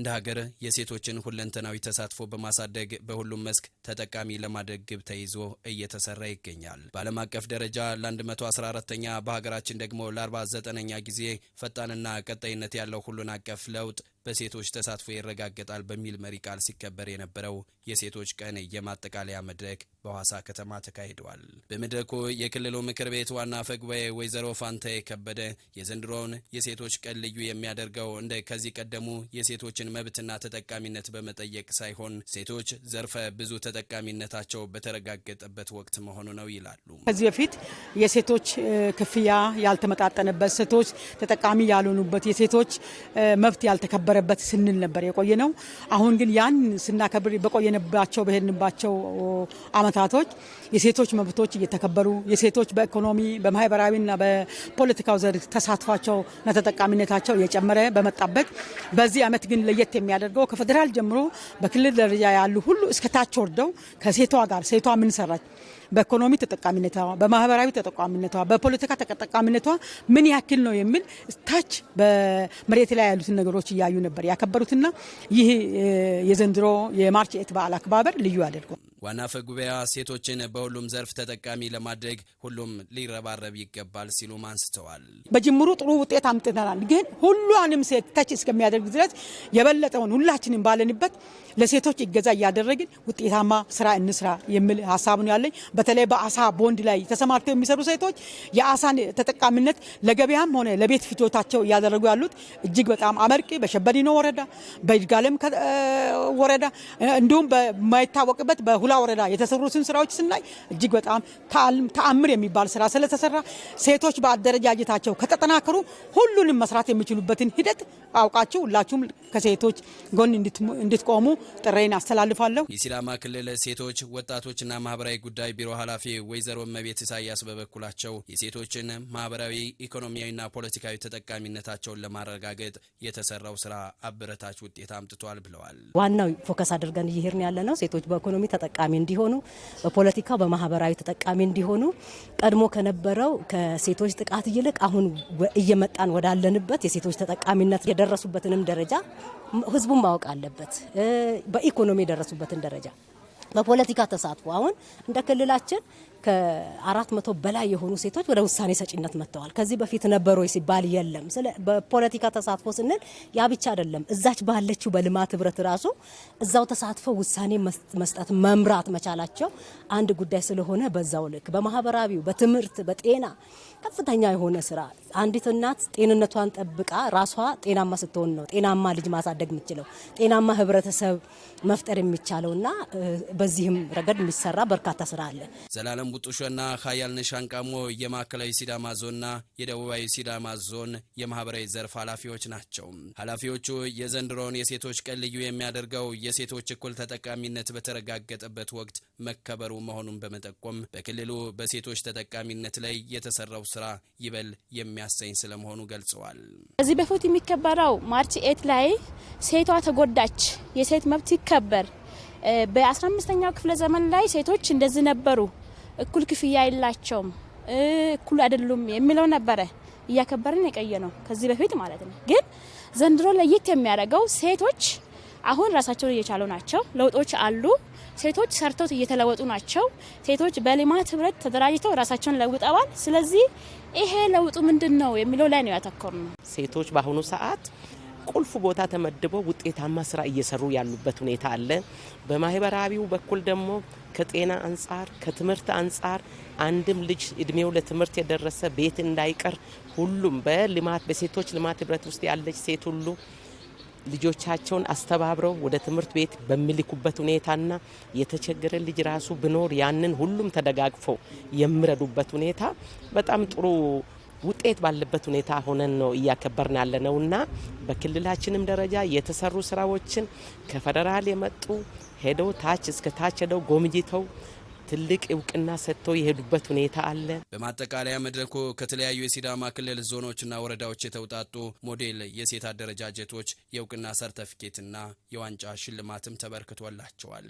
እንደ ሀገር የሴቶችን ሁለንተናዊ ተሳትፎ በማሳደግ በሁሉም መስክ ተጠቃሚ ለማድረግ ግብ ተይዞ እየተሰራ ይገኛል። በዓለም አቀፍ ደረጃ ለ114ኛ በሀገራችን ደግሞ ለ49ኛ ጊዜ ፈጣንና ቀጣይነት ያለው ሁሉን አቀፍ ለውጥ በሴቶች ተሳትፎ ይረጋገጣል በሚል መሪ ቃል ሲከበር የነበረው የሴቶች ቀን የማጠቃለያ መድረክ በሐዋሳ ከተማ ተካሂደዋል። በመድረኩ የክልሉ ምክር ቤት ዋና አፈ ጉባኤ ወይዘሮ ፋንታ የከበደ የዘንድሮውን የሴቶች ቀን ልዩ የሚያደርገው እንደ ከዚህ ቀደሙ የሴቶችን መብትና ተጠቃሚነት በመጠየቅ ሳይሆን ሴቶች ዘርፈ ብዙ ተጠቃሚነታቸው በተረጋገጠበት ወቅት መሆኑ ነው ይላሉ። ከዚህ በፊት የሴቶች ክፍያ ያልተመጣጠነበት፣ ሴቶች ተጠቃሚ ያልሆኑበት፣ የሴቶች መብት ያልተከበረ ነበረበት ስንል ነበር የቆየ ነው። አሁን ግን ያን ስናከብር በቆየንባቸው በሄድንባቸው አመታቶች የሴቶች መብቶች እየተከበሩ የሴቶች በኢኮኖሚ በማህበራዊና በፖለቲካው ዘርፍ ተሳትፏቸውና ተጠቃሚነታቸው እየጨመረ በመጣበት በዚህ አመት ግን ለየት የሚያደርገው ከፌዴራል ጀምሮ በክልል ደረጃ ያሉ ሁሉ እስከታች ወርደው ከሴቷ ጋር ሴቷ ምን ሰራች በኢኮኖሚ ተጠቃሚነቷ፣ በማህበራዊ ተጠቃሚነቷ፣ በፖለቲካ ተጠቃሚነቷ ምን ያክል ነው የሚል ታች በመሬት ላይ ያሉትን ነገሮች እያዩ ነበር ያከበሩትና ይህ የዘንድሮ የማርች ኤት በዓል አከባበር ልዩ አድርጓል። ዋና አፈ ጉባኤዋ ሴቶችን በሁሉም ዘርፍ ተጠቃሚ ለማድረግ ሁሉም ሊረባረብ ይገባል ሲሉም አንስተዋል። በጅምሩ ጥሩ ውጤት አምጥተናል፣ ግን ሁሉንም ሴት ተች እስከሚያደርግ ድረስ የበለጠውን ሁላችንም ባለንበት ለሴቶች እገዛ እያደረግን ውጤታማ ስራ እንስራ የሚል ሀሳብ ነው ያለኝ። በተለይ በአሳ ቦንድ ላይ ተሰማርተው የሚሰሩ ሴቶች የአሳን ተጠቃሚነት ለገበያም ሆነ ለቤት ፍጆታቸው እያደረጉ ያሉት እጅግ በጣም አመርቂ በሸበዲኖ ወረዳ፣ በይርጋለም ወረዳ እንዲሁም በማይታወቅበት በሁላ ወረዳ የተሰሩትን ስራዎች ስናይ እጅግ በጣም ተአምር የሚባል ስራ ስለተሰራ ሴቶች በአደረጃጀታቸው ከተጠናከሩ ሁሉንም መስራት የሚችሉበትን ሂደት አውቃችሁ ሁላችሁም ከሴቶች ጎን እንድትቆሙ ጥሬን አስተላልፋለሁ። የሲዳማ ክልል ሴቶች ወጣቶችና ማህበራዊ ጉዳይ ቢሮ ኃላፊ ወይዘሮ መቤት ኢሳያስ በበኩላቸው የሴቶችን ማህበራዊ ኢኮኖሚያዊና ፖለቲካዊ ተጠቃሚነታቸውን ለማረጋገጥ የተሰራው ስራ አበረታች ውጤት አምጥቷል ብለዋል። ዋናው ፎከስ አድርገን እየሄድን ያለ ነው ሴቶች በኢኮኖሚ ተጠቃሚ ተጠቃሚ እንዲሆኑ፣ በፖለቲካው በማህበራዊ ተጠቃሚ እንዲሆኑ ቀድሞ ከነበረው ከሴቶች ጥቃት ይልቅ አሁን እየመጣን ወዳለንበት የሴቶች ተጠቃሚነት የደረሱበትንም ደረጃ ህዝቡን ማወቅ አለበት። በኢኮኖሚ የደረሱበትን ደረጃ በፖለቲካ ተሳትፎ አሁን እንደ ክልላችን ከአራት መቶ በላይ የሆኑ ሴቶች ወደ ውሳኔ ሰጪነት መጥተዋል። ከዚህ በፊት ነበሩ ሲባል የለም። በፖለቲካ ተሳትፎ ስንል ያ ብቻ አይደለም። እዛች ባለችው በልማት ህብረት ራሱ እዛው ተሳትፎ ውሳኔ መስጠት መምራት መቻላቸው አንድ ጉዳይ ስለሆነ በዛው ልክ በማህበራዊው፣ በትምህርት፣ በጤና ከፍተኛ የሆነ ስራ አንዲት እናት ጤንነቷን ጠብቃ ራሷ ጤናማ ስትሆን ነው ጤናማ ልጅ ማሳደግ የምችለው ጤናማ ህብረተሰብ መፍጠር የሚቻለው እና በዚህም ረገድ የሚሰራ በርካታ ስራ አለ። የቡጡሾና ሀያል ንሻንቃሞ የማዕከላዊ ሲዳማ ዞንና የደቡባዊ ሲዳማ ዞን የማህበራዊ ዘርፍ ኃላፊዎች ናቸው። ኃላፊዎቹ የዘንድሮውን የሴቶች ቀን ልዩ የሚያደርገው የሴቶች እኩል ተጠቃሚነት በተረጋገጠበት ወቅት መከበሩ መሆኑን በመጠቆም በክልሉ በሴቶች ተጠቃሚነት ላይ የተሰራው ስራ ይበል የሚያሰኝ ስለመሆኑ ገልጸዋል። ከዚህ በፊት የሚከበረው ማርች ኤት ላይ ሴቷ ተጎዳች፣ የሴት መብት ይከበር በ15ኛው ክፍለ ዘመን ላይ ሴቶች እንደዚህ ነበሩ እኩል ክፍያ የላቸውም፣ እኩል አይደሉም የሚለው ነበረ እያከበርን የቀየ ነው ከዚህ በፊት ማለት ነው። ግን ዘንድሮ ለየት የሚያደርገው ሴቶች አሁን ራሳቸውን እየቻሉ ናቸው። ለውጦች አሉ። ሴቶች ሰርተው እየተለወጡ ናቸው። ሴቶች በልማት ህብረት ተደራጅተው ራሳቸውን ለውጠዋል። ስለዚህ ይሄ ለውጡ ምንድን ነው የሚለው ላይ ነው ያተኮር ነው ሴቶች በአሁኑ ሰዓት ቁልፍ ቦታ ተመድበው ውጤታማ ስራ እየሰሩ ያሉበት ሁኔታ አለ። በማህበራዊው በኩል ደግሞ ከጤና አንጻር፣ ከትምህርት አንጻር አንድም ልጅ እድሜው ለትምህርት የደረሰ ቤት እንዳይቀር ሁሉም በልማት በሴቶች ልማት ህብረት ውስጥ ያለች ሴት ሁሉ ልጆቻቸውን አስተባብረው ወደ ትምህርት ቤት በሚልኩበት ሁኔታና የተቸገረ ልጅ ራሱ ብኖር ያንን ሁሉም ተደጋግፈው የሚረዱበት ሁኔታ በጣም ጥሩ ውጤት ባለበት ሁኔታ ሆነን ነው እያከበርን ያለ ነው እና በክልላችንም ደረጃ የተሰሩ ስራዎችን ከፌደራል የመጡ ሄደው ታች እስከ ታች ሄደው ጎምጅተው ትልቅ እውቅና ሰጥተው የሄዱበት ሁኔታ አለ። በማጠቃለያ መድረኩ ከተለያዩ የሲዳማ ክልል ዞኖችና ወረዳዎች የተውጣጡ ሞዴል የሴት አደረጃጀቶች የእውቅና ሰርተፊኬትና የዋንጫ ሽልማትም ተበርክቶላቸዋል።